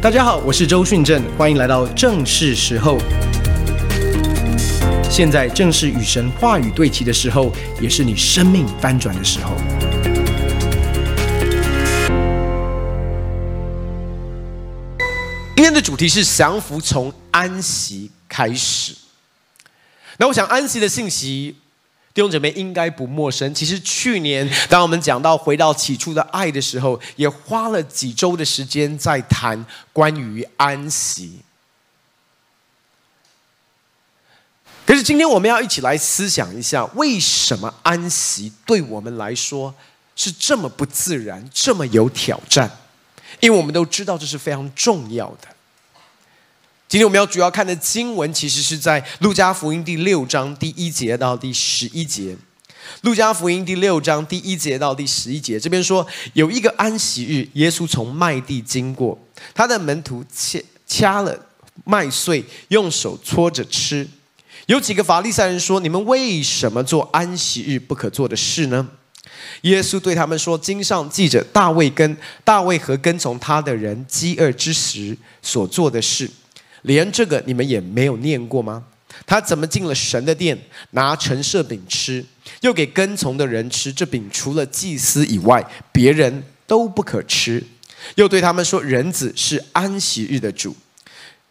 大家好，我是周迅正，歡迎來到正是時候。現在正是與神話語對齊的時候，也是你生命翻轉的時候。今天的主題是降服從安息開始。那我想安息的信息。弟兄姊妹應該不陌生。其實去年當我們講到回到起初的愛的時候，也花了幾週的時間在談關於安息。可是今天我們要一起來思想一下，為什麼安息對我們來說是這麼不自然、這麼有挑戰？因為我們都知道這是非常重要的。今天我們要主要看的經文，其實是在《路加福音》第六章第一節到第十一節，《路加福音》第六章第一節到第十一節，這邊說有一個安息日，耶穌從麥地經過，他的門徒掐掐了麥穗，用手搓着吃。有幾個法利賽人說：“你們為什麼做安息日不可做的事呢？”耶穌對他們說：“經上記着大衛跟大衛和跟從他的人飢餓之時所做的事。”連這個你們也沒有念過嗎？他怎麼進了神的殿，拿陳設餅吃，又給跟從的人吃？這餅除了祭司以外，別人都不可吃。又對他們說：“人子是安息日的主。”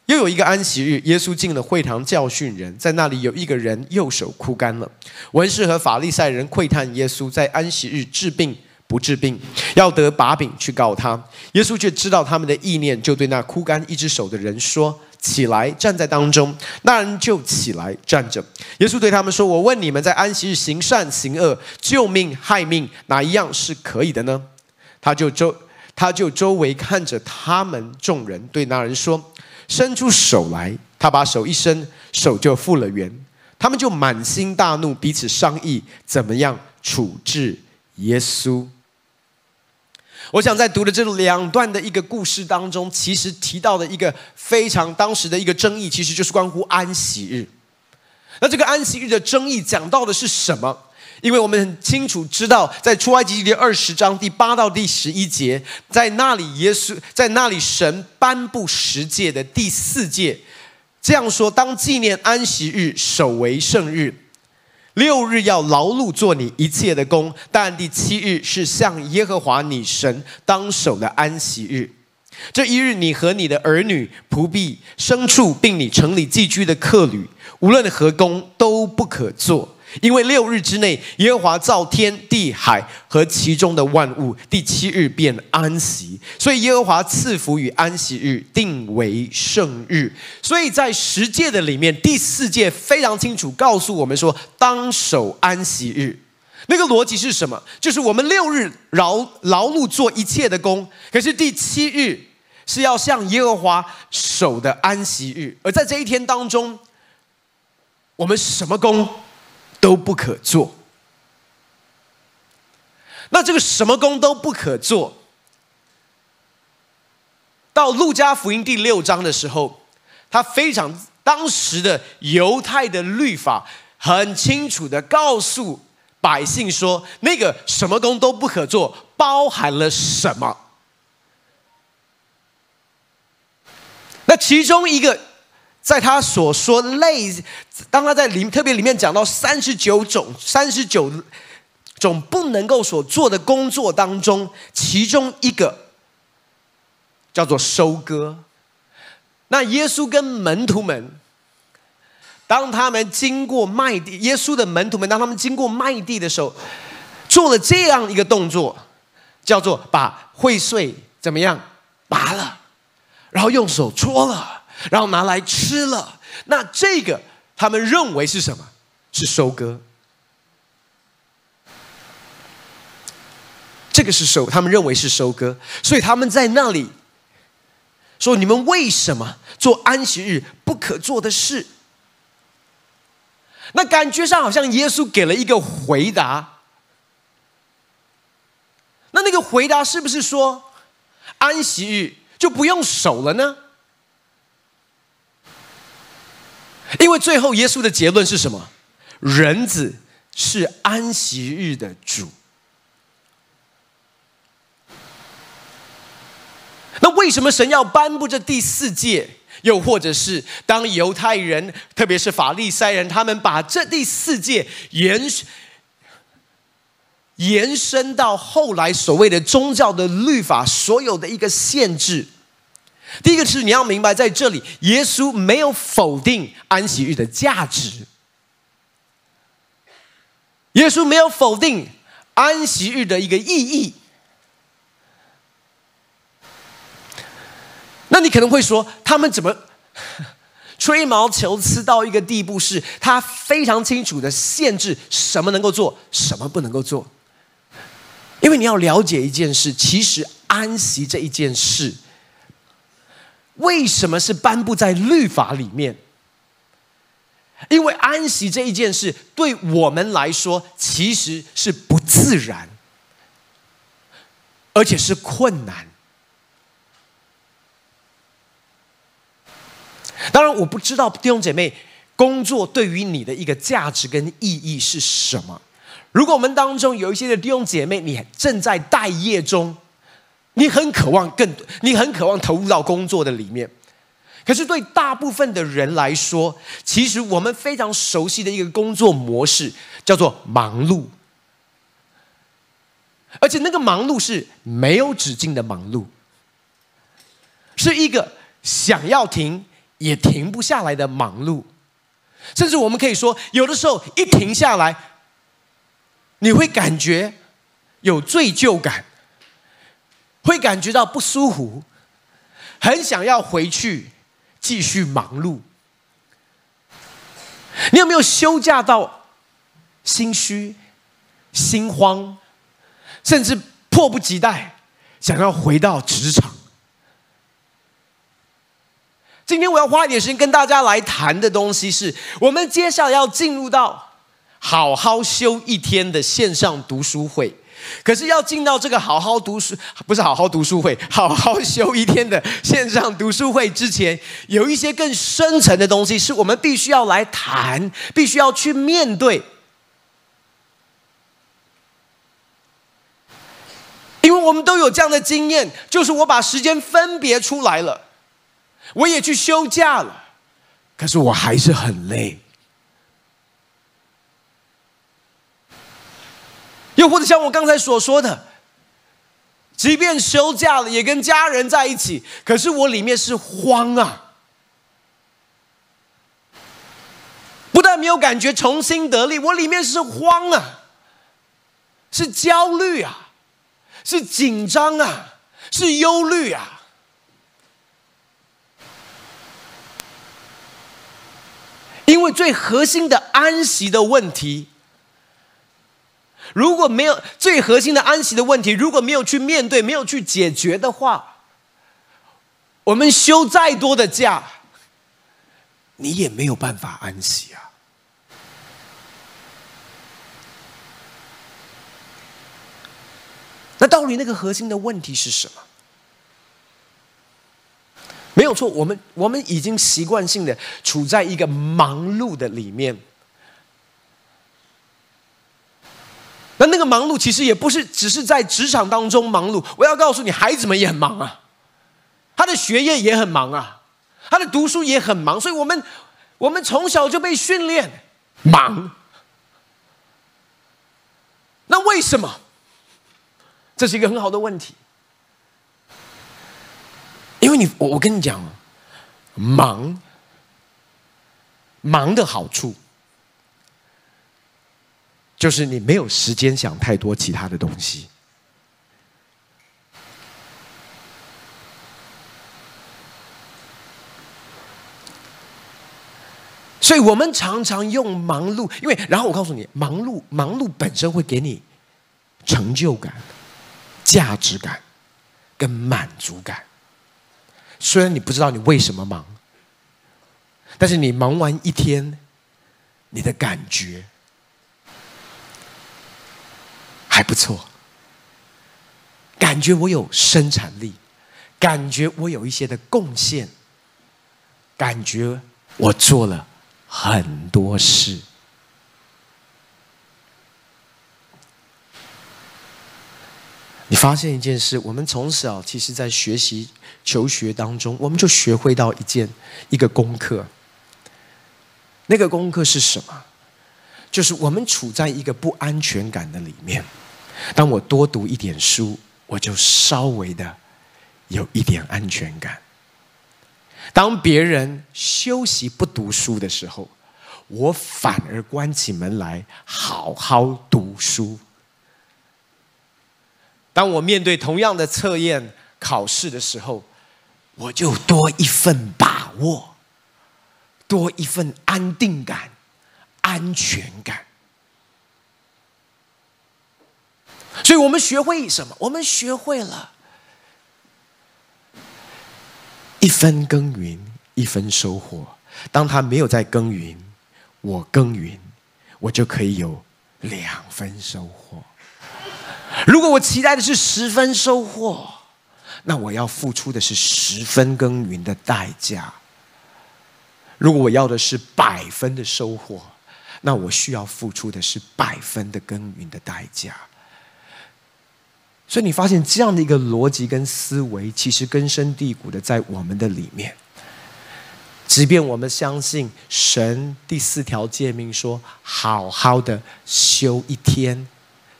又有一個安息日，耶穌進了會堂教訓人，在那裡有一個人右手枯乾了。文士和法利賽人窺探耶穌在安息日治病不治病，要得把柄去告他。耶穌卻知道他們的意念，就對那枯乾一隻手的人說：起來，站在當中，那人就起來站着。耶穌對他們說：“我問你們，在安息日行善行惡、救命害命，哪一樣是可以的呢？”他就周他就周圍看着他們眾人，對那人說：“伸出手來。”他把手一伸，手就復了原。他們就滿心大怒，彼此商議怎麼樣處置耶穌。我想在讀的這兩段的一個故事當中，其實提到的一個非常當時的一個爭議，其實就是關乎安息日。那這個安息日的爭議講到的是什麼？因為我們很清楚知道，在出埃及記第二十章第八到第十一節，在那裡，耶穌在那裡神頒布十誡的第四誡，這樣說：當紀念安息日，守為聖日。六日要勞碌做你一切的工，但第七日是向耶和華你神當守的安息日。這一日，你和你的兒女、僕婢、牲畜，並你城裡寄居的客旅，無論何工都不可做。因為六日之內，耶和華造天地海和其中的萬物，第七日便安息，所以耶和華賜福與安息日，定為聖日。所以在十誡的裡面，第四誡非常清楚告訴我們說，當守安息日。那個邏輯是什麼？就是我們六日勞勞碌做一切的工。可是第七日是要向耶和華守的安息日，而在這一天當中，我們什麼工？都不可做，那這個什麼工都不可做，到路加福音第六章的時候，他非常，當時的猶太的律法很清楚的告訴百姓說，那個什麼工都不可做，包含了什麼？那其中一個。在他所說類，當他在里特別裡面講到三十九種三十九種不能夠所做的工作當中，其中一個叫做收割。那耶穌跟門徒們，當他們經過麥地，耶穌的門徒們當他們經過麥地的時候，做了這樣一個動作，叫做把麥穗怎麼樣拔了，然後用手搓了。然後拿來吃了，那這個他們認為是什麼？是收割。這個是收，他們認為是收割，所以他們在那裡說：“你們為什麼做安息日不可做的事？”那感覺上好像耶穌給了一個回答。那那個回答是不是說，安息日就不用守了呢？因為最後耶穌的結論是什麼？人子是安息日的主。那為什麼神要頒布這第四誡？又或者是當猶太人，特別是法利賽人，他們把這第四誡延延伸到後來所謂的宗教的律法，所有的一個限制。第一個是你要明白，在這裡，耶穌沒有否定安息日的價值，耶穌沒有否定安息日的一個意義。那你可能會說，他們怎麼吹毛求疵到一個地步？是他非常清楚的限制什麼能夠做，什麼不能夠做。因為你要了解一件事，其實安息這一件事。為什麼是頒布在律法裡面？因為安息這一件事，對我們來說其實是不自然，而且是困難。當然，我不知道弟兄姐妹，工作對於你的一個價值跟意義是什麼？如果我們當中有一些的弟兄姐妹，你正在待業中。你很渴望更多，你很渴望投入到工作的裡面，可是對大部分的人來說，其實我們非常熟悉的一個工作模式叫做忙碌，而且那個忙碌是沒有止境的忙碌，是一個想要停也停不下來的忙碌，甚至我們可以說，有的時候一停下來，你會感覺有罪疚感。會感覺到不舒服，很想要回去繼續忙碌。你有沒有休假到心虛、心慌，甚至迫不及待想要回到職場？今天我要花一點時間跟大家來談的東西是，是我們接下來要進入到好好休一天的線上讀書會。可是要進到這個好好讀書，不是好好讀書會，好好休一天的線上讀書會之前，有一些更深層的東西是我們必須要來談，必須要去面對。因為我們都有這樣的經驗，就是我把時間分別出來了，我也去休假了，可是我還是很累。又或者像我剛才所說的，即便休假了，也跟家人在一起，可是我裡面是慌啊！不但沒有感覺重新得力，我裡面是慌啊，是焦慮啊，是緊張啊，是憂慮啊！因為最核心的安息的問題。如果沒有最核心的安息的問題，如果沒有去面對、沒有去解決的話，我們休再多的假，你也沒有辦法安息啊。那到底那個核心的問題是什麼？沒有錯，我們我們已經習慣性的處在一個忙碌的裡面。那那個忙碌其實也不是只是在職場當中忙碌，我要告訴你，孩子們也很忙啊，他的學業也很忙啊，他的讀書也很忙，所以我們我們從小就被訓練忙。那為什麼？這是一個很好的問題，因為你我我跟你講啊，忙忙的好處。就是你沒有時間想太多其他的東西，所以我們常常用忙碌，因為然後我告訴你，忙碌忙碌本身會給你成就感、價值感跟滿足感。雖然你不知道你為什麼忙，但是你忙完一天，你的感覺。還不錯，感覺我有生產力，感覺我有一些的貢獻，感覺我做了很多事。你發現一件事，我們從小其實，在學習求學當中，我們就學會到一件，一個功課。那個功課是什麼？就是我們處在一個不安全感的裡面。當我多讀一點書，我就稍微的有一點安全感。當別人休息不讀書的時候，我反而關起門來好好讀書。當我面對同樣的測驗考試的時候，我就多一份把握，多一份安定感、安全感。所以我們學會什麼？我們學會了一分耕耘一分收穫。當他沒有在耕耘，我耕耘，我就可以有兩分收穫。如果我期待的是十分收穫，那我要付出的是十分耕耘的代價。如果我要的是百分的收穫，那我需要付出的是百分的耕耘的代價。所以你發現這樣的一個邏輯跟思維，其實根深蒂固的在我們的裡面。即便我們相信神第四條誡命說“好好的休一天，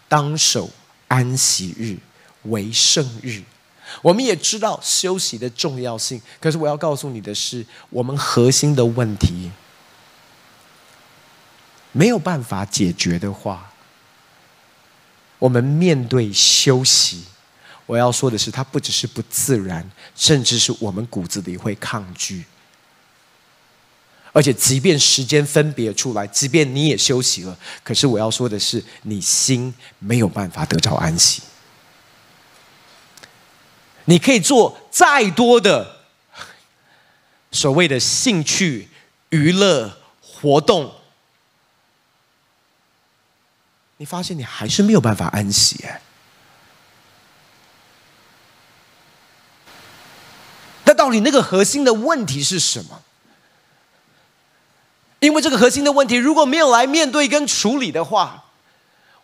當守安息日為聖日”，我們也知道休息的重要性。可是我要告訴你的是，我們核心的問題沒有辦法解決的話。我們面對休息，我要說的是，它不只是不自然，甚至是我們骨子裡會抗拒。而且，即便時間分別出來，即便你也休息了，可是我要說的是，你心沒有辦法得着安息。你可以做再多的所謂的興趣娛樂活動。你發現你還是沒有辦法安息哎，那到底那個核心的問題是什麼？因為這個核心的問題如果沒有來面對跟處理的話，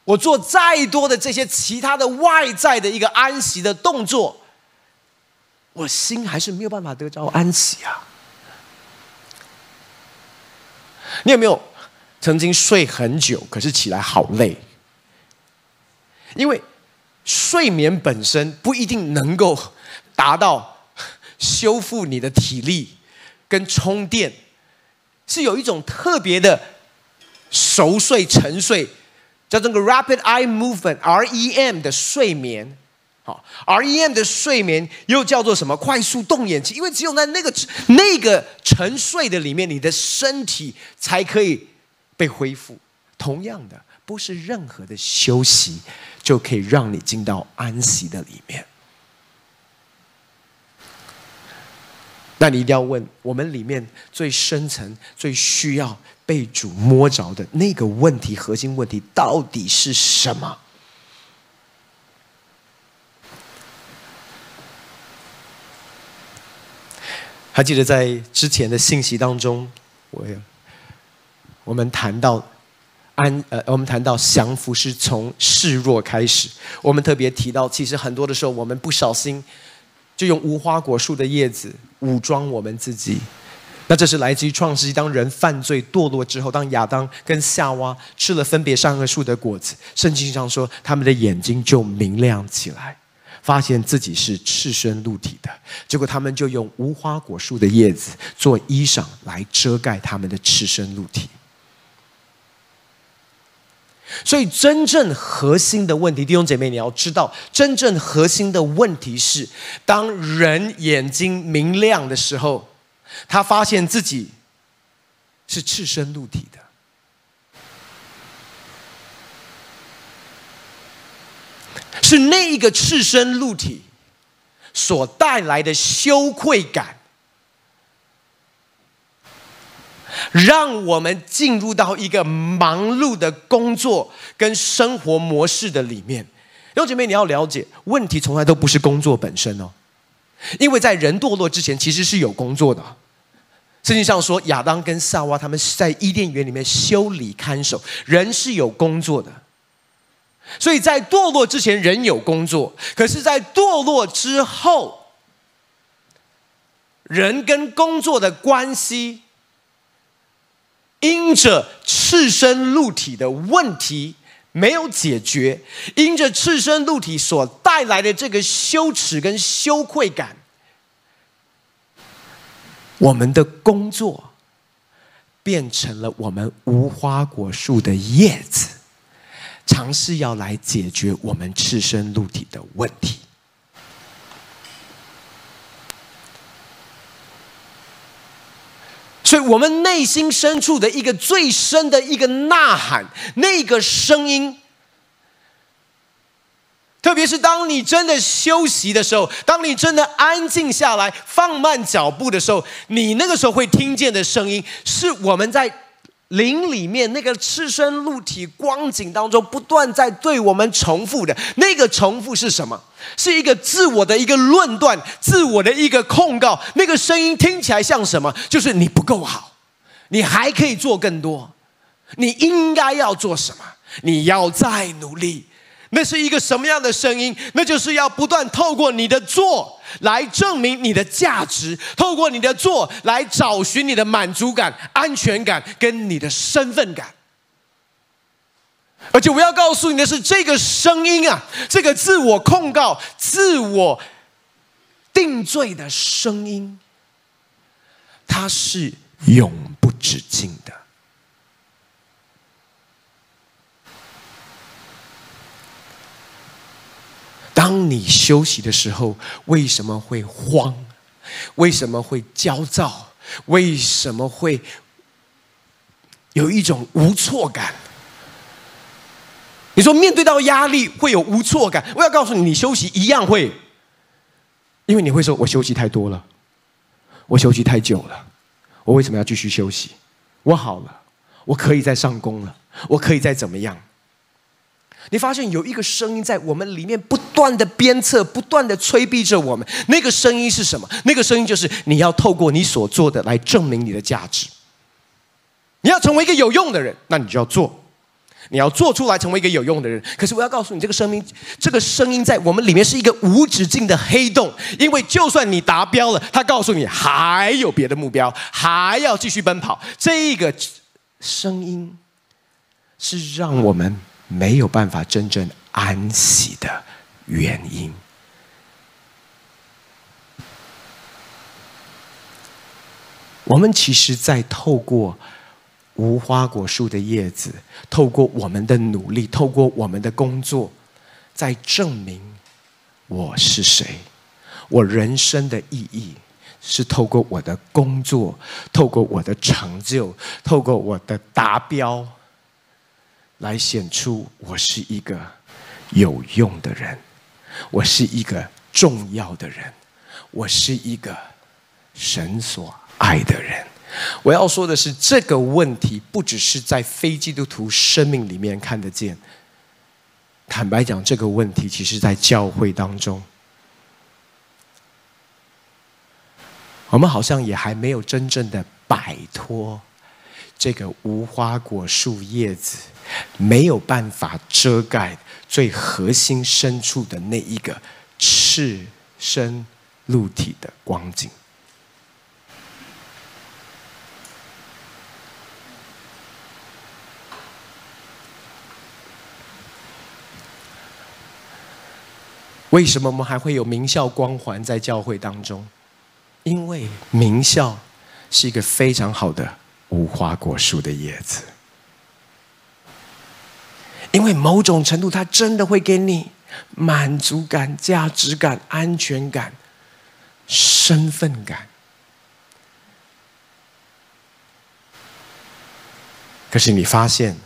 我做再多的這些其他的外在的一個安息的動作，我心還是沒有辦法得到安息啊！你有沒有？曾經睡很久，可是起來好累，因為睡眠本身不一定能夠達到修復你的體力跟充電，是有一種特別的熟睡、沉睡，叫做個 rapid eye movement（REM） 的睡眠。好，REM 的睡眠又叫做什麼？快速動眼期，因為只有在那個那個沉睡的裡面，你的身體才可以。被恢復，同樣的，不是任何的休息就可以讓你進到安息的裡面。那你一定要問，我們裡面最深層、最需要被主摸着的那個問題，核心問題到底是什麼？還記得在之前的信息當中，我也。我們談到安呃，我們談到降服是從示弱開始。我們特別提到，其實很多的時候，我們不小心就用無花果樹的葉子武裝我們自己。那這是來自於創世記，當人犯罪墮落之後，當亞當跟夏娃吃了分別善惡樹的果子，聖經上說，他們的眼睛就明亮起來，發現自己是赤身露體的。結果他們就用無花果樹的葉子做衣裳來遮蓋他們的赤身露體。所以，真正核心的問題，弟兄姐妹，你要知道，真正核心的問題是：當人眼睛明亮的時候，他發現自己是赤身露體的，是那一個赤身露體所帶來的羞愧感。讓我們進入到一個忙碌的工作跟生活模式的裡面，弟兄姐妹，你要了解，問題從來都不是工作本身哦，因為在人墮落之前，其實是有工作的。聖經上說，亞當跟夏娃他們是在伊甸園裡面修理看守，人是有工作的。所以在墮落之前，人有工作，可是在墮落之後，人跟工作的關係。因着赤身露體的問題沒有解決，因着赤身露體所帶來的這個羞恥跟羞愧感，我們的工作變成了我們無花果樹的葉子，嘗試要來解決我們赤身露體的問題。對我們內心深處的一個最深的一個吶喊，那個聲音，特別是當你真的休息的時候，當你真的安靜下來，放慢腳步的時候，你那個時候會聽見的聲音，是我們在。靈裡面那個赤身露體光景當中，不斷在對我們重複的那個重複是什麼？是一個自我的一個論斷，自我的一個控告。那個聲音聽起來像什麼？就是你不夠好，你還可以做更多，你應該要做什麼？你要再努力。那是一個什麼樣的聲音？那就是要不斷透過你的做來證明你的價值，透過你的做來找尋你的滿足感、安全感跟你的身份感。而且我要告訴你的是，這個聲音啊，這個自我控告、自我定罪的聲音，它是永不止境的。當你休息的時候，為什麼會慌？為什麼會焦躁？為什麼會有一種無措感？你說面對到壓力會有無措感，我要告訴你，你休息一樣會，因為你會說：“我休息太多了，我休息太久了，我為什麼要繼續休息？我好了，我可以再上工了，我可以再怎麼樣。”你發現有一個聲音在我們裡面不斷的鞭策，不斷的催逼着我們。那個聲音是什麼？那個聲音就是你要透過你所做的來證明你的價值。你要成為一個有用的人，那你就要做。你要做出來成為一個有用的人。可是我要告訴你，這個聲音，這個聲音在我們裡面是一個無止境的黑洞。因為就算你達標了，它告訴你還有別的目標，還要繼續奔跑。這個聲音是讓我們沒有辦法真正安息的原因。我們其實，在透過無花果樹的葉子，透過我們的努力，透過我們的工作，在證明我是誰。我人生的意義是透過我的工作，透過我的成就，透過我的達標。來顯出我是一個有用的人，我是一個重要的人，我是一個神所愛的人。我要說的是，這個問題不只是在非基督徒生命裡面看得見。坦白講，這個問題其實，在教會當中，我們好像也還沒有真正的擺脫。這個無花果樹葉子沒有辦法遮蓋最核心深處的那一個赤身露體的光景。為什麼我們還會有名校光環在教會當中？因為名校是一個非常好的。無花果樹的葉子，因為某種程度，它真的會給你滿足感、價值感、安全感、身份感。可是你發現，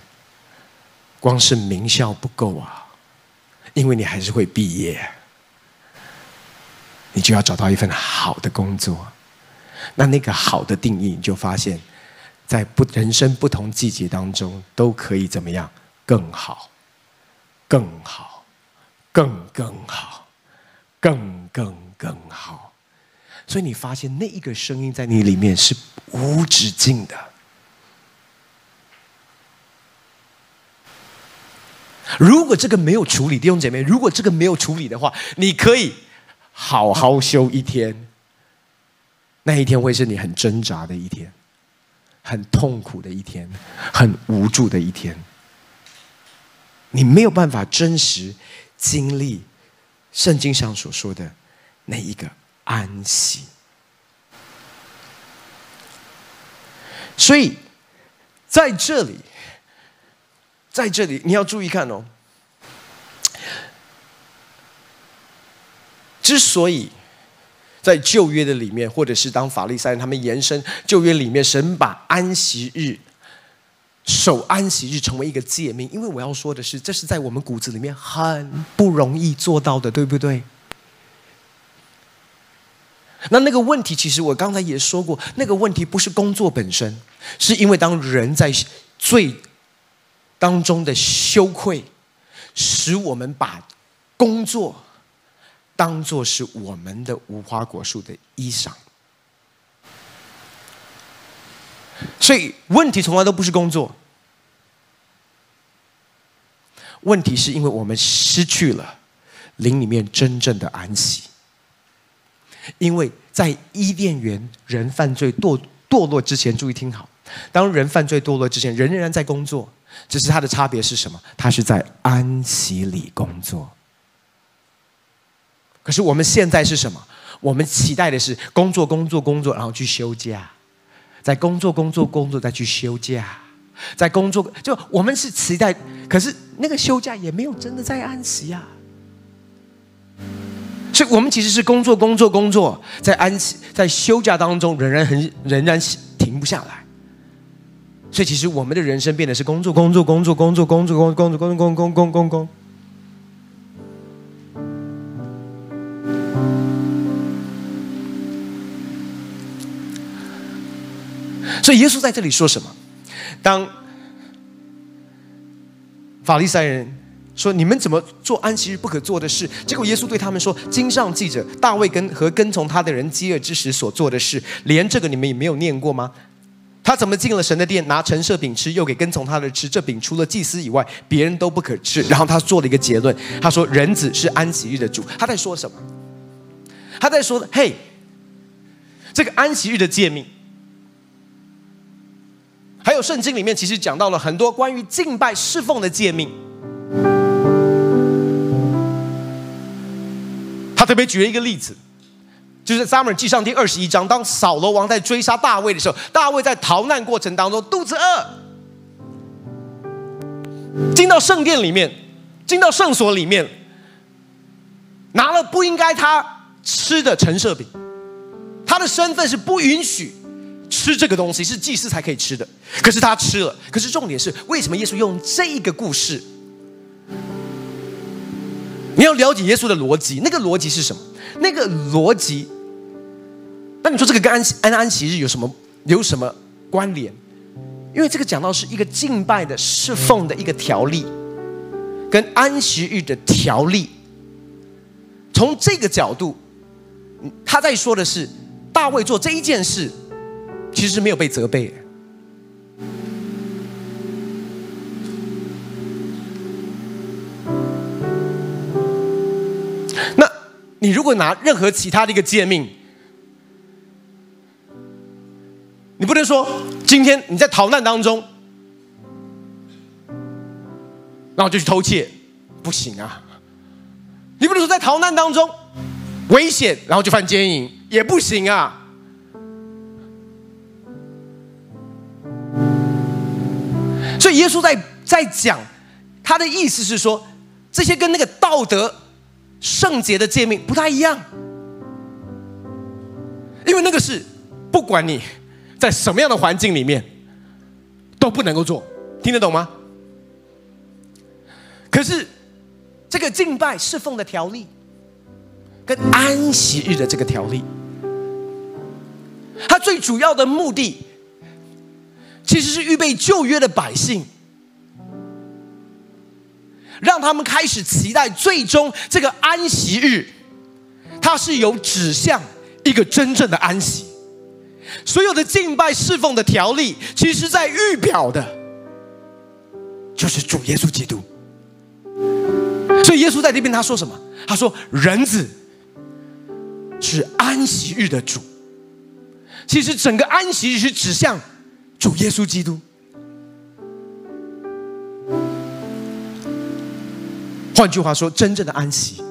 光是名校不夠啊，因為你還是會畢業，你就要找到一份好的工作。那那個好的定義，你就發現。在不人生不同季節當中，都可以怎麼樣？更好，更好，更更好，更更更好。所以你發現那一個聲音在你裡面是無止境的。如果這個沒有處理，弟兄姐妹，如果這個沒有處理的話，你可以好好休一天。那一天會是你很掙扎的一天。很痛苦的一天，很無助的一天，你沒有辦法真實經歷聖經上所說的那一個安息。所以，在這裡，在這裡你要注意看哦，之所以。在舊約的裡面，或者是當法利賽人他們延伸舊約裡面，神把安息日守安息日成為一個誡命。因為我要說的是，這是在我們骨子裡面很不容易做到的，對不對？那那個問題，其實我剛才也說過，那個問題不是工作本身，是因為當人在罪當中的羞愧，使我們把工作。當作是我們的無花果樹的衣裳，所以問題從來都不是工作，問題是因為我們失去了靈裡面真正的安息。因為在伊甸園人犯罪墮墮落之前，注意聽好，當人犯罪墮落之前，人仍然在工作，只是他的差別是什麼？他是在安息裡工作。可是我們現在是什麼？我們期待的是工作，工作，工作，然後去休假，在工作，工作，工作，再去休假，在工作，就我們是期待。可是那個休假也沒有真的在安息呀，所以我們其實是工作，工作，工作，在安息，在休假當中仍然很仍然停不下來，所以其實我們的人生變得是工作，工作，工作，工作，工作，工，工作，工作，工，工，工，工，工。所以耶穌在這裡說什麼？當法利賽人說你們怎麼做安息日不可做的事，結果耶穌對他們說：“經上記着大衛跟和跟從他的人飢餓之時所做的事，連這個你們也沒有念過嗎？他怎麼進了神的殿，拿陳設餅吃，又給跟從他的吃？這餅除了祭司以外，別人都不可吃。然後他做了一個結論，他說：人子是安息日的主。他在說什麼？他在說：嘿，這個安息日的誡命。”還有聖經裡面其實講到了很多關於敬拜侍奉的誡命，他特別舉了一個例子，就是撒母耳記上第二十一章，當掃羅王在追殺大衛的時候，大衛在逃難過程當中肚子餓，進到聖殿裡面，進到聖所裡面，拿了不應該他吃的陳設餅，他的身份是不允許。吃這個東西是祭司才可以吃的，可是他吃了。可是重點是，為什麼耶穌用這個故事？你要了解耶穌的邏輯，那個邏輯是什麼？那個邏輯，那你說這個跟安安安息日有什麼有什麼關聯？因為這個講到是一個敬拜的侍奉的一個條例，跟安息日的條例。從這個角度，他在說的是大衛做這一件事。其實沒有被責備。那你如果拿任何其他的一個誡命，你不能說今天你在逃難當中，然後就去偷竊，不行啊！你不能說在逃難當中危險，然後就犯姦淫，也不行啊！所以耶穌在在講，他的意思是說，這些跟那個道德聖潔的誡命不太一樣，因為那個是不管你，在什麼樣的環境裡面都不能夠做，聽得懂嗎？可是這個敬拜侍奉的條例，跟安息日的這個條例，它最主要的目的。其實是預備舊約的百姓，讓他們開始期待最終這個安息日，它是有指向一個真正的安息。所有的敬拜侍奉的條例，其實，在預表的，就是主耶穌基督。所以耶穌在那邊他說什麼？他說：“人子是安息日的主。”其實整個安息日是指向。主耶穌基督。換句話說，真正的安息，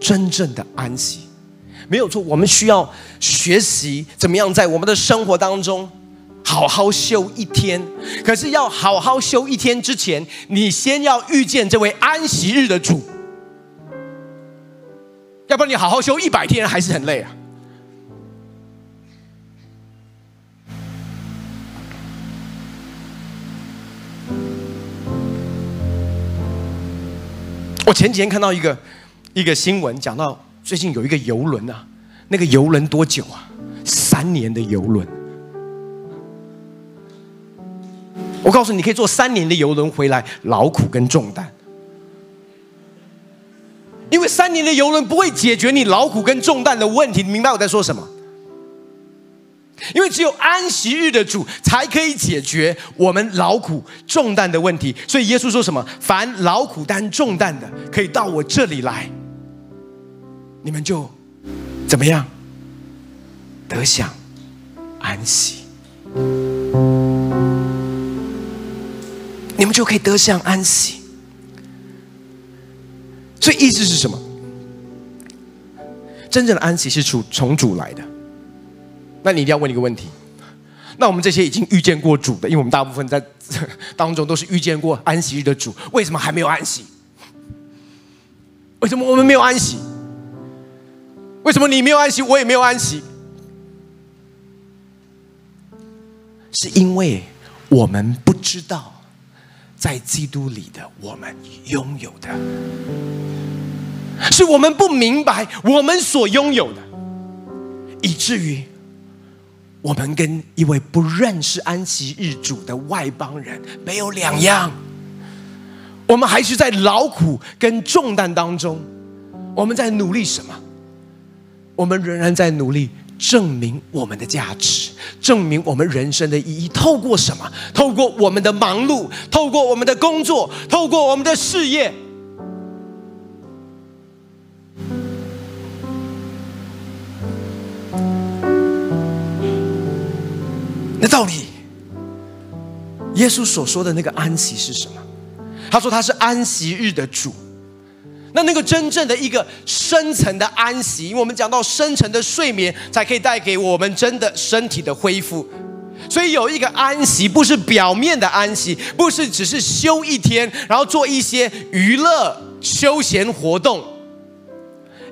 真正的安息，沒有錯。我們需要學習怎麼樣在我們的生活當中好好休一天。可是，要好好休一天之前，你先要遇見這位安息日的主。要不然，你好好休一百天還是很累啊。我前幾天看到一個一個新聞，講到最近有一個遊輪啊，那個遊輪多久啊？三年的遊輪。我告訴你可以坐三年的遊輪回來，勞苦跟重擔，因為三年的遊輪不會解決你勞苦跟重擔的問題，你明白我在說什麼？因為只有安息日的主才可以解決我們勞苦重擔的問題，所以耶穌說什麼？凡勞苦擔重擔的，可以到我這裡來，你們就怎麼樣得享安息？你們就可以得享安息。所以意思是什麼？真正的安息是主從主來的。那你一定要問一個問題：那我們這些已經遇見過主的，因為我們大部分在當中都是遇見過安息日的主，為什麼還沒有安息？為什麼我們沒有安息？為什麼你沒有安息，我也沒有安息？是因為我們不知道在基督裡的我們擁有的，是我們不明白我們所擁有的，以至於。我們跟一位不認識安息日主的外邦人沒有兩樣，我們還是在勞苦跟重擔當中，我們在努力什麼？我們仍然在努力證明我們的價值，證明我們人生的意義。透過什麼？透過我們的忙碌，透過我們的工作，透過我們的事業。道理，耶穌所說的那個安息是什麼？他說他是安息日的主。那那個真正的一個深層的安息，因為我們講到深層的睡眠才可以帶給我們真的身體的恢復。所以有一個安息，不是表面的安息，不是只是休一天，然後做一些娛樂休閒活動。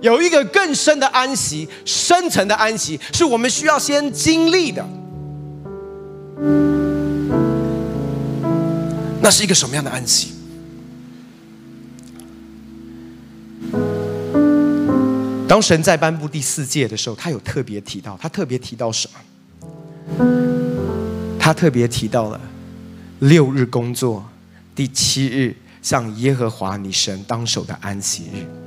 有一個更深的安息，深層的安息，是我們需要先經歷的。那是一個什麼樣的安息？當神在頒布第四誡的時候，他有特別提到，他特別提到什麼？他特別提到了六日工作，第七日向耶和華你神當守的安息日。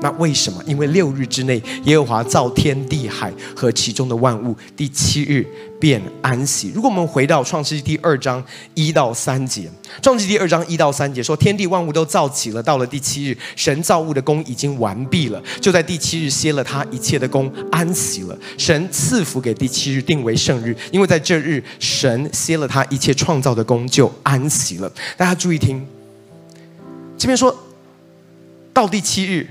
那為什麼？因為六日之內，耶和華造天地海和其中的萬物。第七日便安息。如果我們回到創世記第二章一到三節，創世記第二章一到三節說，天地萬物都造起了，到了第七日，神造物的功已經完畢了，就在第七日歇了他一切的功，安息了。神賜福給第七日，定為聖日，因為在這日，神歇了他一切創造的功，就安息了。大家注意聽，這邊說到第七日。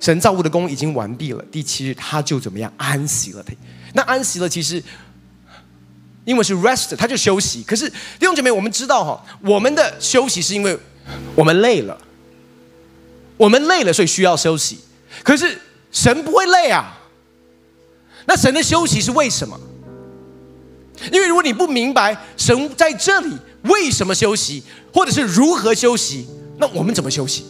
神造物的功已經完畢了，第七日他就怎麼樣安息了。那安息了，其實因為是 rest，他就休息。可是弟兄姐妹，我們知道哈、哦，我們的休息是因為我們累了，我們累了所以需要休息。可是神不會累啊，那神的休息是為什麼？因為如果你不明白神在這裡為什麼休息，或者是如何休息，那我們怎麼休息？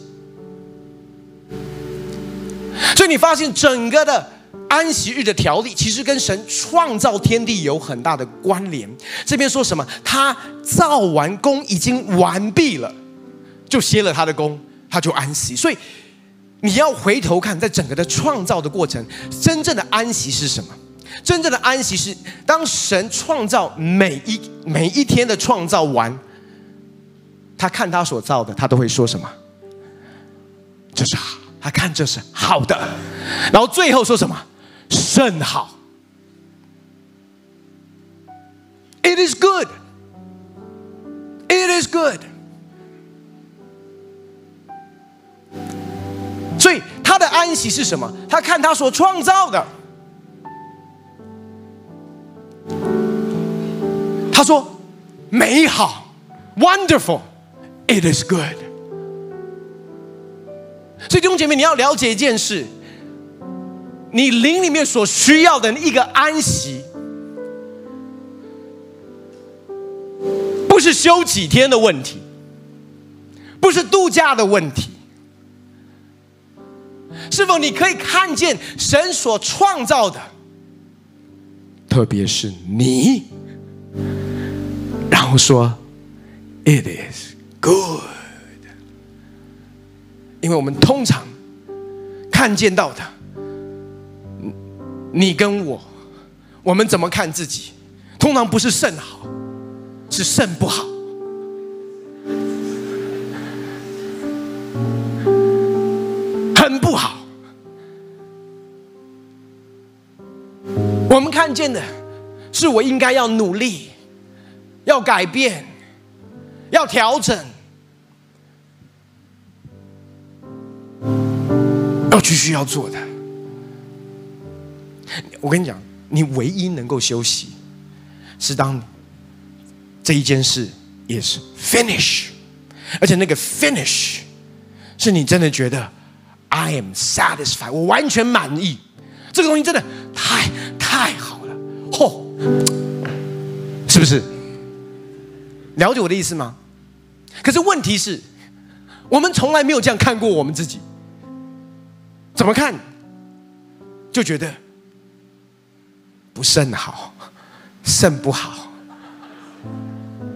所以你發現整個的安息日的條例，其實跟神創造天地有很大的關聯。這邊說什麼？他造完工已經完畢了，就歇了他的工，他就安息。所以你要回頭看，在整個的創造的過程，真正的安息是什麼？真正的安息是當神創造每一每一天的創造完，他看他所造的，他都會說什麼？這是好。他看這是好的，然後最後說什麼？甚好。It is good. It is good. 所以他的安息是什麼？他看他所創造的。他說美好，Wonderful. It is good. 弟兄姐妹，你要了解一件事：你靈裡面所需要的一個安息，不是休幾天的問題，不是度假的問題。是否你可以看見神所創造的，特別是你？然後說：“It is good。”因為我們通常看見到的，你跟我，我們怎麼看自己？通常不是甚好，是甚不好，很不好。我們看見的是我應該要努力，要改變，要調整。必須要做的。我跟你講，你唯一能夠休息，是當這一件事也是 finish，而且那個 finish 是你真的覺得 I am satisfied，我完全滿意，這個東西真的太太好了，嚯、哦！是不是？了解我的意思嗎？可是問題是，我們從來沒有這樣看過我們自己。怎麼看，就覺得不甚好，甚不好。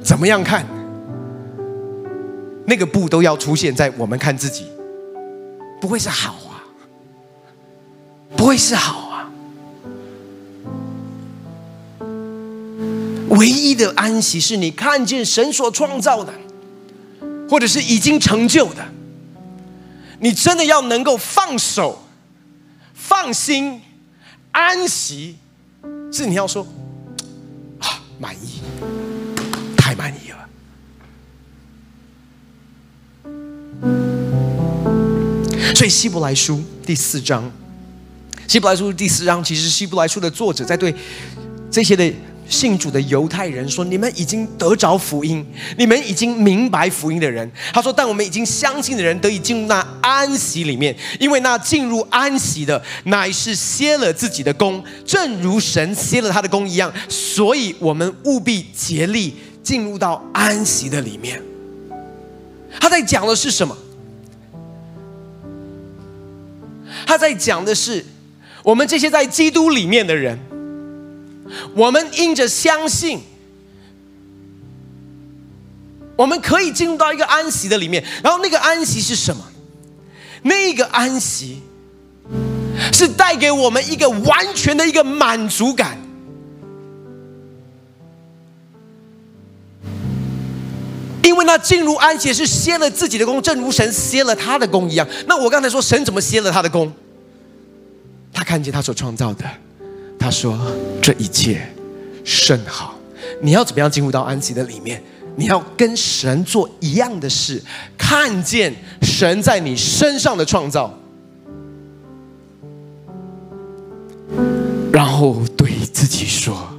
怎麼樣看，那個步都要出現在我們看自己，不會是好啊，不會是好啊。唯一的安息是你看見神所創造的，或者是已經成就的。你真的要能夠放手、放心、安息，是你要說啊，滿意，太滿意了。所以希伯來書第四章，希伯來書第四章，其實希伯來書的作者在對這些的。信主的猶太人說：“你們已經得着福音，你們已經明白福音的人。”他說：“但我們已經相信的人，得以進入那安息裡面，因為那進入安息的，乃是歇了自己的功，正如神歇了他的功一樣。所以，我們務必竭力進入到安息的裡面。”他在講的是什麼？他在講的是我們這些在基督裡面的人。我們因着相信，我們可以進入到一個安息的裡面。然後，那個安息是什麼？那個安息是帶給我們一個完全的一個滿足感。因為那進入安息也是歇了自己的工，正如神歇了他的工一樣。那我剛才說，神怎麼歇了他的工？他看見他所創造的。他說：“這一切甚好。你要怎麼樣進入到安息的裡面？你要跟神做一樣的事，看見神在你身上的創造，然後對自己說：‘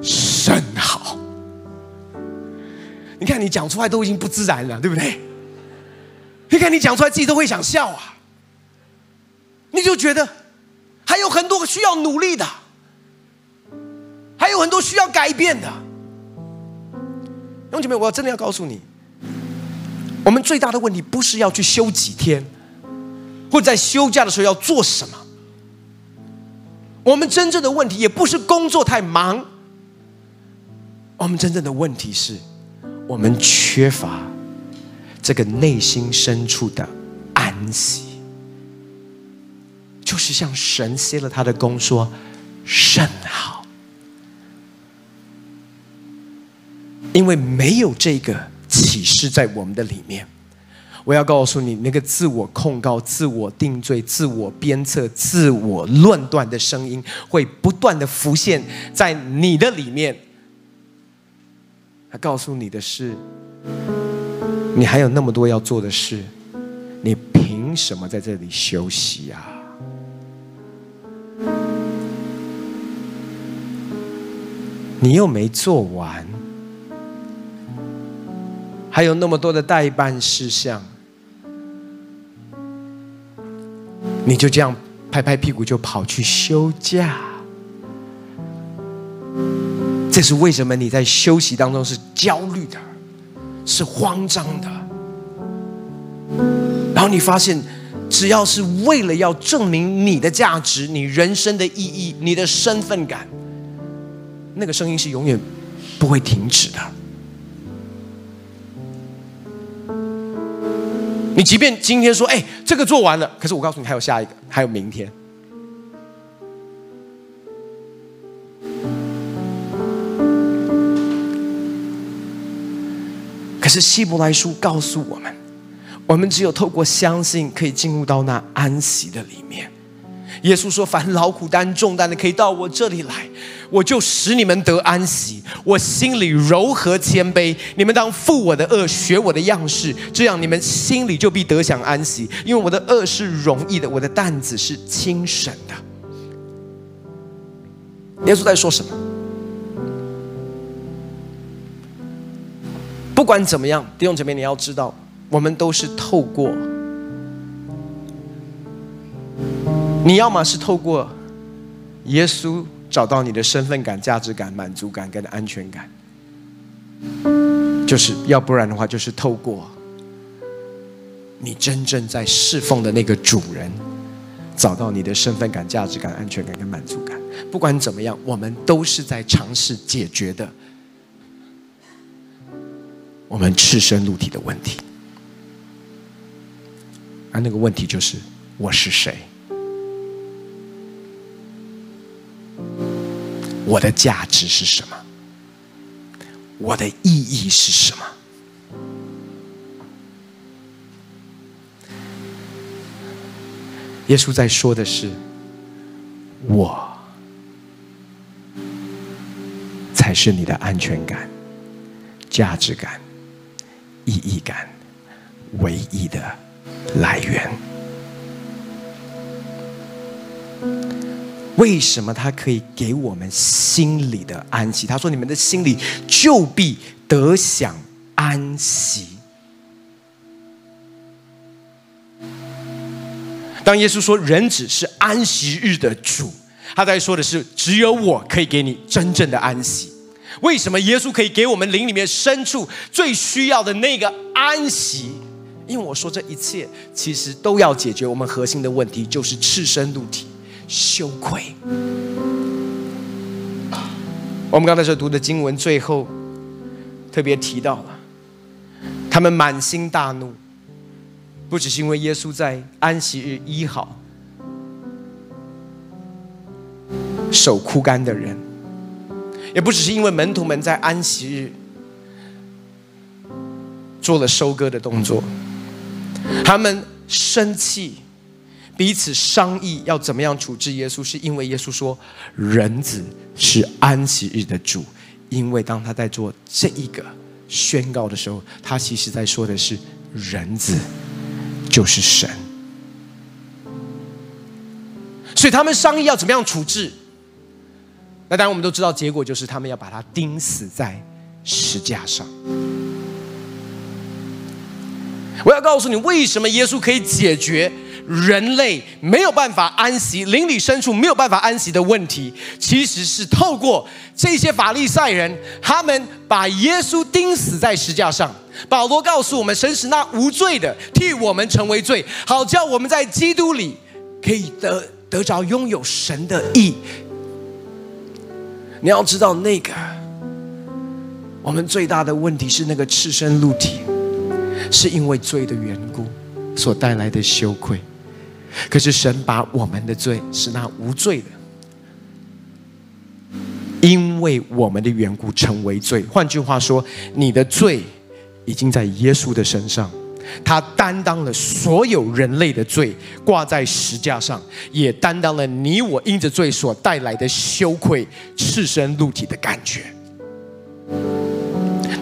甚好。’你看你講出來都已經不自然了，對不對？你看你講出來自己都會想笑啊，你就覺得。”還有很多需要努力的，還有很多需要改變的。弟兄姐妹，我真的要告訴你，我們最大的問題不是要去休幾天，或在休假的時候要做什麼。我們真正的問題也不是工作太忙，我們真正的問題是我們缺乏這個內心深處的安息。就是像神歇了他的工，說甚好，因為沒有這個啟示在我們的裡面。我要告訴你，那個自我控告、自我定罪、自我鞭策、自我論斷的聲音，會不斷的浮現在你的裡面。他告訴你的是，你還有那麼多要做的事，你憑什麼在這裡休息啊？你又沒做完，還有那麼多的待辦事項，你就這樣拍拍屁股就跑去休假？這是為什麼？你在休息當中是焦慮的，是慌張的。然後你發現，只要是為了要證明你的價值、你人生的意義、你的身份感。那個聲音是永遠不會停止的。你即便今天說“哎，這個做完了”，可是我告訴你，還有下一個，還有明天。可是希伯來書告訴我們，我們只有透過相信，可以進入到那安息的裡面。耶穌說：“凡勞苦擔重擔的，可以到我這裡來。”我就使你們得安息，我心裡柔和謙卑，你們當負我的軛，學我的樣式，這樣你們心裡就必得享安息。因為我的軛是容易的，我的擔子是輕省的。耶穌在說什麼？不管怎麼樣，弟兄姐妹，你要知道，我們都是透過，你要麼是透過耶穌。找到你的身份感、價值感、滿足感跟安全感，就是要不然的話，就是透過你真正在侍奉的那個主人，找到你的身份感、價值感、安全感跟滿足感。不管怎麼樣，我們都是在嘗試解決的，我們赤身露體的問題。而，啊，那個問題就是：我是誰？我的價值是什麼？我的意義是什麼？耶穌在說的是，我才是你的安全感、價值感、意義感唯一的來源。為什麼他可以給我們心裡的安息？他說：“你們的心裡就必得享安息。”當耶穌說“人子是安息日的主”，他在說的是只有我可以給你真正的安息。為什麼耶穌可以給我們靈裡面深處最需要的那個安息？因為我說這一切其實都要解決我們核心的問題，就是赤身露體。羞愧。我們剛才所讀的經文，最後特別提到了，他們滿心大怒，不只是因為耶穌在安息日醫好手枯乾的人，也不只是因為門徒們在安息日做了收割的動作，他們生氣。彼此商議要怎麼樣處置耶穌，是因為耶穌說：“人子是安息日的主。”因為當他在做這一個宣告的時候，他其實在說的是：“人子就是神。”所以他們商議要怎麼樣處置。那當然，我們都知道，結果就是他們要把他釘死在十架上。我要告訴你，為什麼耶穌可以解決。人類沒有辦法安息，靈裡深處沒有辦法安息的問題，其實是透過這些法利賽人，他們把耶穌釘死在十架上。保羅告訴我們，神使那無罪的替我們成為罪，好叫我們在基督裡可以得得着擁有神的義。你要知道，那個我們最大的問題是那個赤身露體，是因為罪的緣故所帶來的羞愧。可是神把我們的罪，使那無罪的，因為我們的緣故成為罪。換句話說，你的罪已經在耶穌的身上，他擔當了所有人類的罪，掛在十架上，也擔當了你我因着罪所帶來的羞愧、赤身露體的感覺。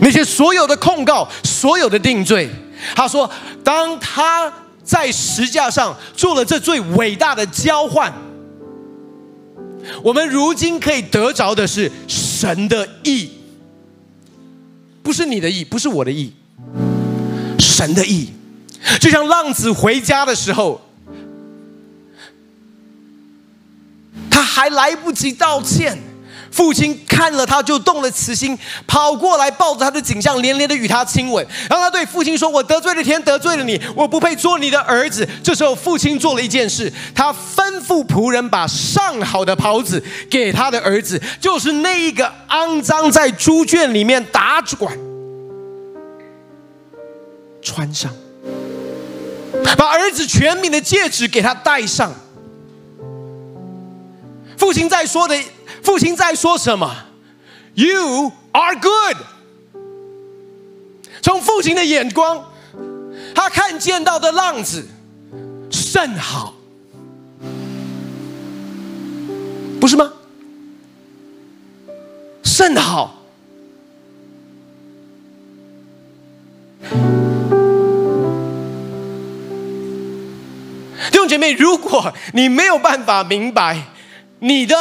那些所有的控告、所有的定罪，他說，當他。在十架上做了這最偉大的交換，我們如今可以得着的是神的義，不是你的義，不是我的義，神的義。就像浪子回家的時候，他還來不及道歉。父親看了他，就動了慈心，跑過來抱着他的頸項，連連的與他親吻。然後他對父親說：“我得罪了天，得罪了你，我不配做你的兒子。”這時候，父親做了一件事，他吩咐僕人把上好的袍子給他的兒子，就是那一個骯髒在豬圈裡面打轉。穿上，把兒子全名的戒指給他戴上。父親在說的，父親在說什麼？You are good！從父親的眼光，他看見到的浪子甚好。不是嗎？甚好。弟兄姐妹，如果你沒有辦法明白，你的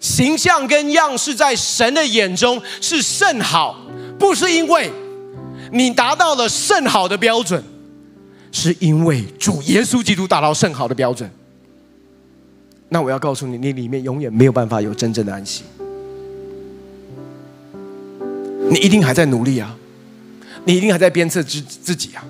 形象跟樣式在神的眼中是甚好，不是因為，你達到了甚好的標準，是因為主耶穌基督達到甚好的標準。那我要告訴你，你裡面永遠沒有辦法有真正的安息，你一定還在努力啊，你一定還在鞭策自自己啊，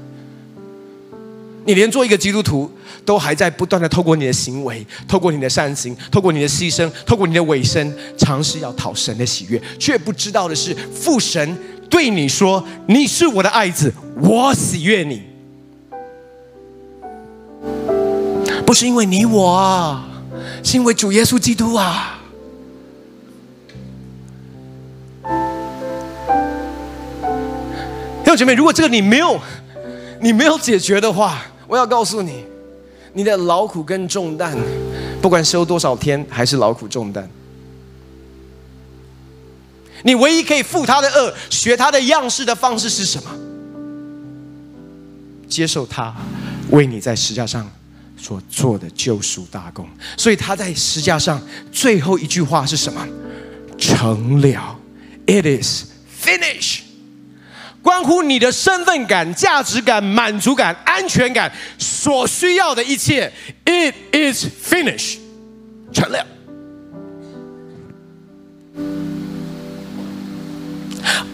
你連做一個基督徒，都還在不斷的透過你的行為，透過你的善行，透過你的犧牲，透過你的委身，嘗試要討神的喜悅，卻不知道的是，父神對你說：“你是我的愛子，我喜悅你。”不是因為你我啊，我是因為主耶穌基督啊！弟兄姐妹，如果這個你沒有，你沒有解決的話，我要告訴你。你的勞苦跟重擔，不管休多少天，還是勞苦重擔。你唯一可以負他的軛，學他的樣式的方式是什麼？接受他為你在十字架上所做的救贖大功。所以他在十字架上最後一句話是什麼？成了，it is。關乎你的身份感、價值感、滿足感、安全感所需要的一切，It is finished，成了，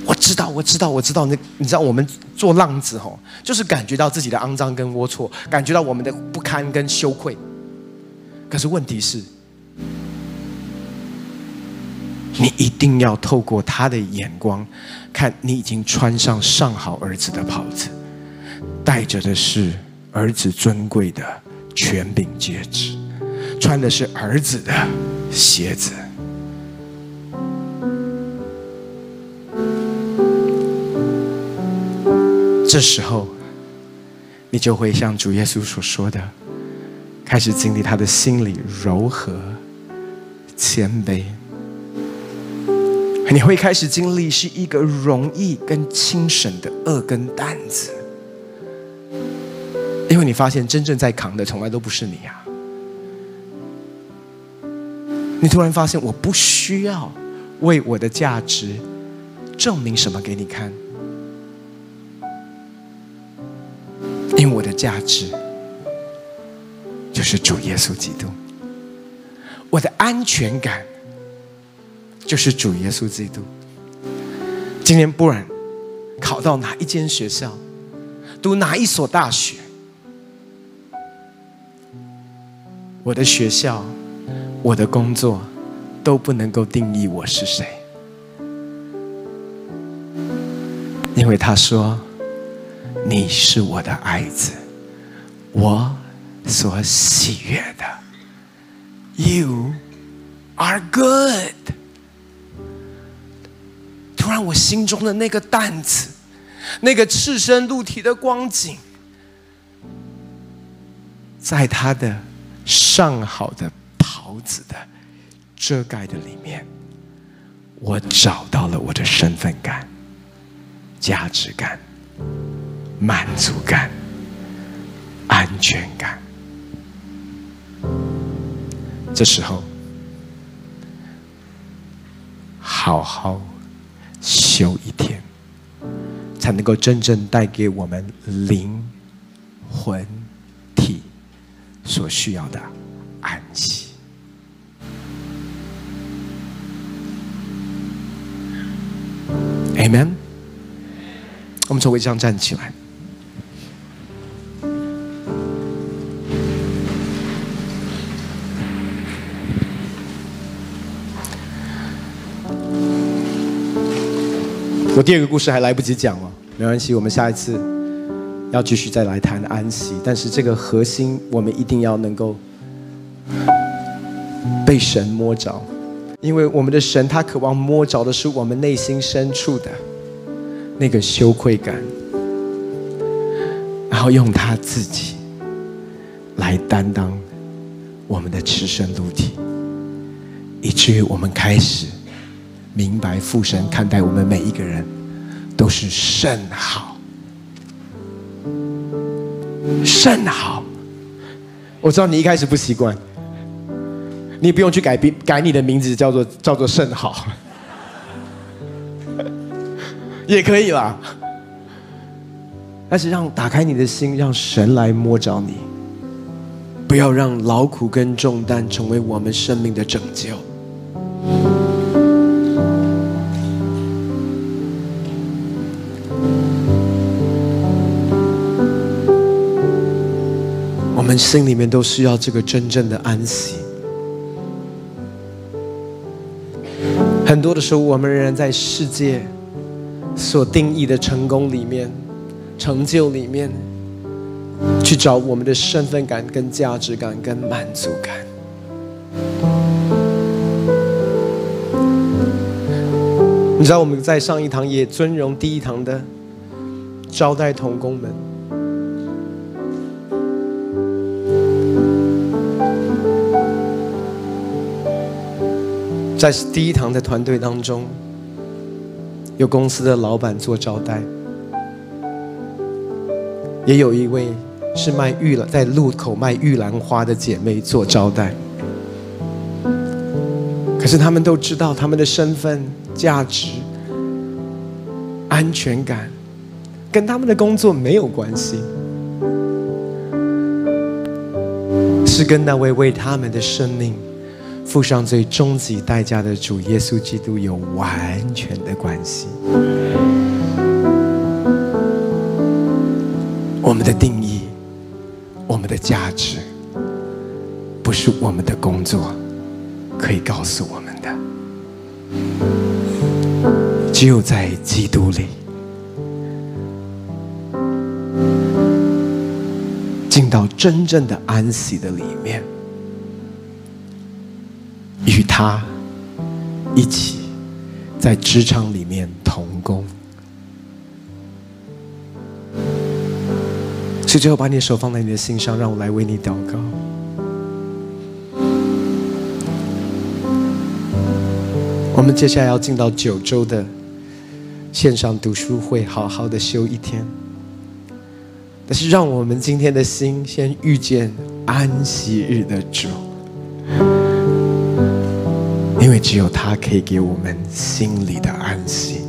我知道，我知道，我知道。那你知道，我們做浪子吼，就是感覺到自己的骯髒跟齷齪，感覺到我們的不堪跟羞愧。可是問題是。你一定要透過他的眼光，看你已經穿上上好兒子的袍子，戴着的是兒子尊貴的權柄戒指，穿的是兒子的鞋子。這時候，你就會像主耶穌所說的，開始經歷他的心裡柔和、謙卑。你會開始經歷是一個容易跟輕省的軛跟擔子，因為你發現真正在扛的從來都不是你呀、啊。你突然發現，我不需要為我的價值證明什麼給你看，因為我的價值就是主耶穌基督，我的安全感，就是主耶穌基督。今年不然，考到哪一間學校，讀哪一所大學，我的學校，我的工作，都不能夠定義我是誰，因為他說：“你是我的愛子，我所喜悅的。” You are good. 我心中的那個擔子，那個赤身露體的光景，在他的上好的袍子的遮蓋的裡面，我找到了我的身份感、價值感、滿足感、安全感。這時候，好好。休一天，才能夠真正帶給我們靈、魂、體所需要的安息。Amen。我們從位子上站起來。我第二個故事還來不及講哦，沒關係，我們下一次要繼續再來談安息。但是這個核心，我們一定要能夠被神摸着，因為我們的神他渴望摸着的是我們內心深處的那個羞愧感，然後用他自己來擔當我們的赤身露體，以至於我們開始。明白父神看待我們每一個人都是甚好，甚好。我知道你一開始不習慣，你不用去改變，改你的名字叫做叫做甚好，也可以啦。但是讓打開你的心，讓神來摸着你，不要讓勞苦跟重擔成為我們生命的拯救。我們心裡面都需要這個真正的安息。很多的時候，我們仍然在世界所定義的成功裡面、成就裡面，去找我們的身份感、跟價值感、跟滿足感。你知道我們在上一堂也尊榮第一堂的招待同工們。在第一堂的團隊當中，有公司的老闆做招待，也有一位是賣玉蘭，在路口賣玉蘭花的姐妹做招待。可是他們都知道，他們的身份、價值、安全感，跟他們的工作沒有關係，是跟那位為他們的生命。付上最終極代價的主耶穌基督有完全的關係。我們的定義，我們的價值，不是我們的工作可以告訴我們的，只有在基督裡，進到真正的安息的裡面。與他一起在職場裡面同工，所以最後把你的手放在你的心上，讓我來為你禱告。我們接下來要進到九州的線上讀書會，好好的休一天。但是讓我們今天的心先遇見安息日的主。因為只有他可以給我們心裡的安息。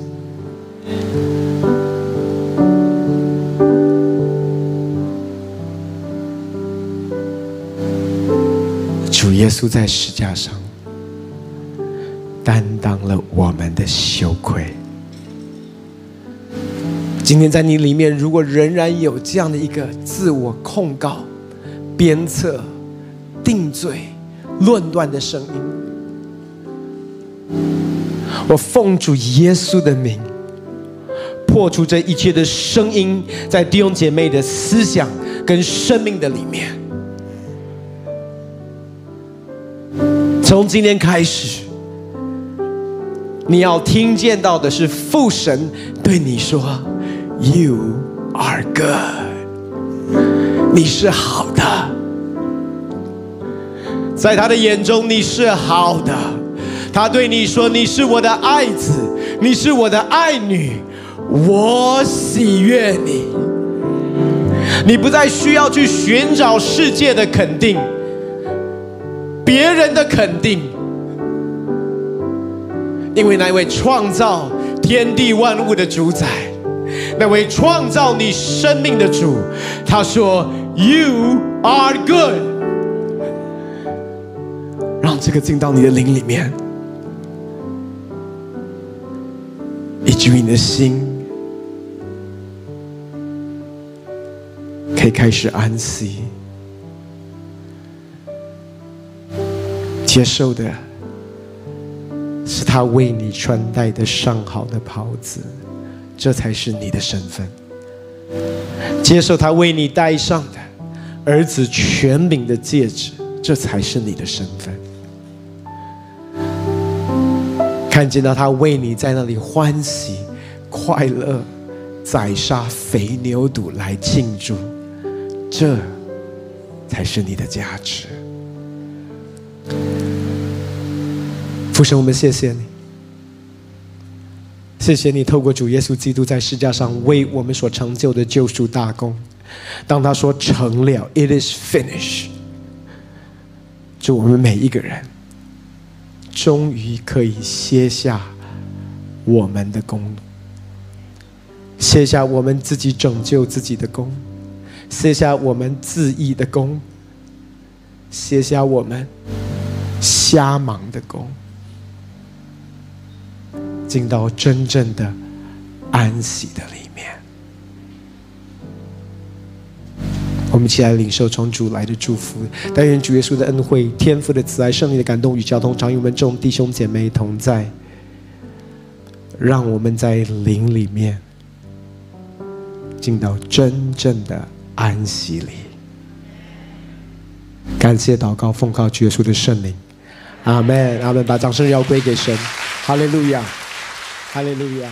主耶穌在十字架上擔當了我們的羞愧。今天在你裡面，如果仍然有這樣的一個自我控告、鞭策、定罪、論斷的聲音，我奉主耶穌的名，破除這一切的聲音，在弟兄姐妹的思想跟生命的裡面。從今天開始，你要聽見到的是父神對你說：“You are good。你是好的，在他的眼中，你是好的。”他對你說：“你是我的愛子，你是我的愛女，我喜悅你。你不再需要去尋找世界的肯定，別人的肯定，因為那位創造天地萬物的主宰，那位創造你生命的主，他說：‘You are good’，讓這個進到你的靈裡面。”以至於你的心可以開始安息，接受的是他為你穿戴的上好的袍子，這才是你的身份；接受他為你戴上的兒子權柄的戒指，這才是你的身份。看見到他為你在那裡歡喜、快樂，宰殺肥牛犢來慶祝，這才是你的價值。父神，我們謝謝你，謝謝你透過主耶穌基督在十架上為我們所成就的救贖大功。當他說成了，It is finished。祝我們每一個人。終於可以歇下我們的功，歇下我們自己拯救自己的功，歇下我們自義的功，歇下我們瞎忙的功，進到真正的安息的裡面。我們一起來領受從主來的祝福，但願主耶穌的恩惠、天父的慈愛、聖靈的感動與交通，常與我們眾弟兄姐妹同在。讓我們在靈裡面進到真正的安息裡。感謝禱告，奉靠主耶穌的聖靈，阿門。阿門。把掌聲要歸給神，哈利路亞，哈利路亞。